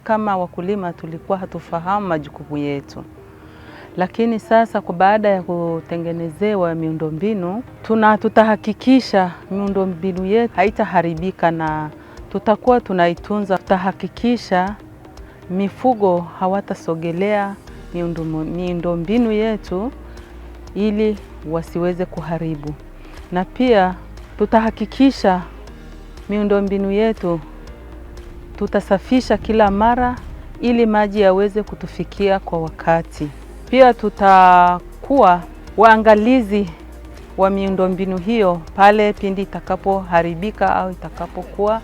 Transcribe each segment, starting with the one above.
kama wakulima tulikuwa hatufahamu majukumu yetu, lakini sasa kwa baada ya kutengenezewa miundombinu tuna tutahakikisha miundombinu yetu haitaharibika na tutakuwa tunaitunza. Tutahakikisha mifugo hawatasogelea miundombinu yetu ili wasiweze kuharibu, na pia tutahakikisha miundombinu yetu Tutasafisha kila mara ili maji yaweze kutufikia kwa wakati. Pia tutakuwa waangalizi wa miundombinu hiyo pale pindi itakapoharibika au itakapokuwa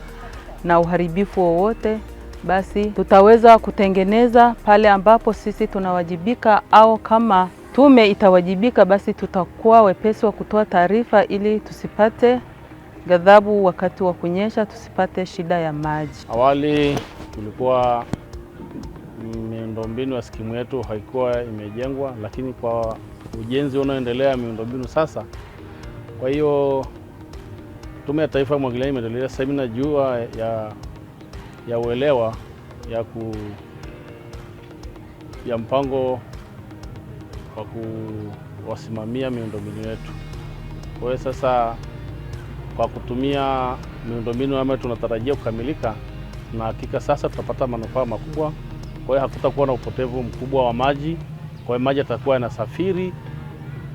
na uharibifu wowote, basi tutaweza kutengeneza pale ambapo sisi tunawajibika au kama tume itawajibika, basi tutakuwa wepesi wa kutoa taarifa ili tusipate ghadhabu wakati wa kunyesha tusipate shida ya maji. Awali tulikuwa miundombinu ya skimu yetu haikuwa imejengwa, lakini kwa ujenzi unaoendelea miundombinu sasa, kwa hiyo Tume ya Taifa ya Umwagiliaji imeendelea semina jua ya, ya uelewa ya, ku, ya mpango wa kuwasimamia miundombinu yetu. Kwa hiyo sasa kwa kutumia miundombinu ambayo tunatarajia kukamilika, na hakika sasa tutapata manufaa makubwa. Kwa hiyo hakutakuwa na upotevu mkubwa wa maji, kwa hiyo maji yatakuwa yanasafiri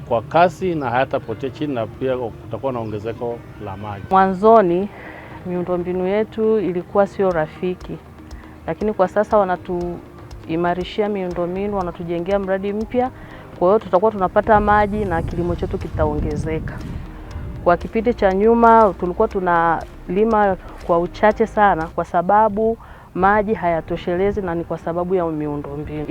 kwa kasi na hayatapotea chini, na pia kutakuwa na ongezeko la maji. Mwanzoni miundombinu yetu ilikuwa sio rafiki, lakini kwa sasa wanatuimarishia miundombinu, wanatujengea mradi mpya, kwa hiyo tutakuwa tunapata maji na kilimo chetu kitaongezeka. Kwa kipindi cha nyuma tulikuwa tunalima kwa uchache sana, kwa sababu maji hayatoshelezi na ni kwa sababu ya miundombinu.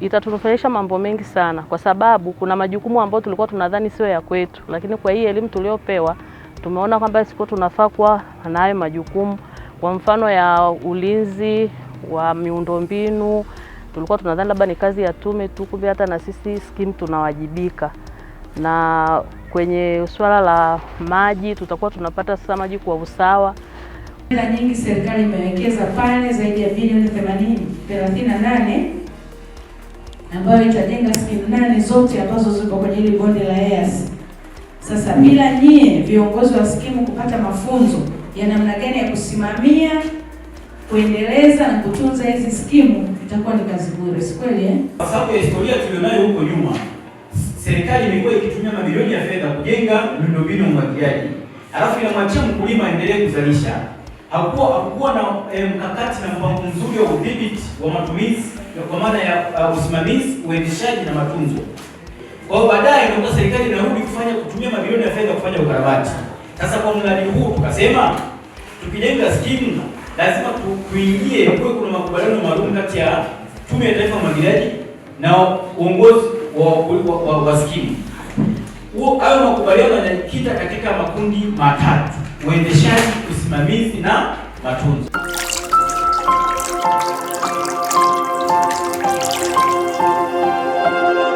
Itatunufaisha mambo mengi sana, kwa sababu kuna majukumu ambayo tulikuwa tunadhani sio ya kwetu, lakini kwa hii elimu tuliopewa tumeona kwamba sikuwa tunafaa kuwa nayo majukumu, kwa mfano ya ulinzi wa miundombinu. Tulikuwa tunadhani labda ni kazi ya tume tu, kumbe hata na sisi SCIM tunawajibika na Kwenye swala la maji tutakuwa tunapata sasa maji kwa usawa. Hela nyingi serikali imewekeza pale zaidi ya bilioni 38 ambayo itajenga skimu nane zote ambazo ziko kwenye hili bonde la EAS. Sasa bila nyie viongozi wa skimu kupata mafunzo ya namna gani ya kusimamia, kuendeleza na kutunza hizi skimu itakuwa ni kazi bure, si kweli eh? Kwa sababu ya historia tulionayo huko nyuma serikali imekuwa ikitumia mabilioni ya fedha kujenga miundombinu ya umwagiliaji, alafu inamwachia mkulima aendelee kuzalisha. Hakuwa hakukuwa na eh, mkakati na mpango mzuri wa udhibiti wa matumizi kwa maana ya uh, usimamizi, uendeshaji na matunzo. Kwa hiyo baadaye ndio serikali inarudi kufanya kutumia mabilioni ya fedha kufanya ukarabati. Sasa kwa mradi huu tukasema tukijenga skimu lazima tuingie, kuwe kuna makubaliano maalum kati ya Tume ya Taifa ya Umwagiliaji na uongozi wa maskini. Hayo makubaliano yanajikita katika makundi matatu: uendeshaji, usimamizi na matunzo.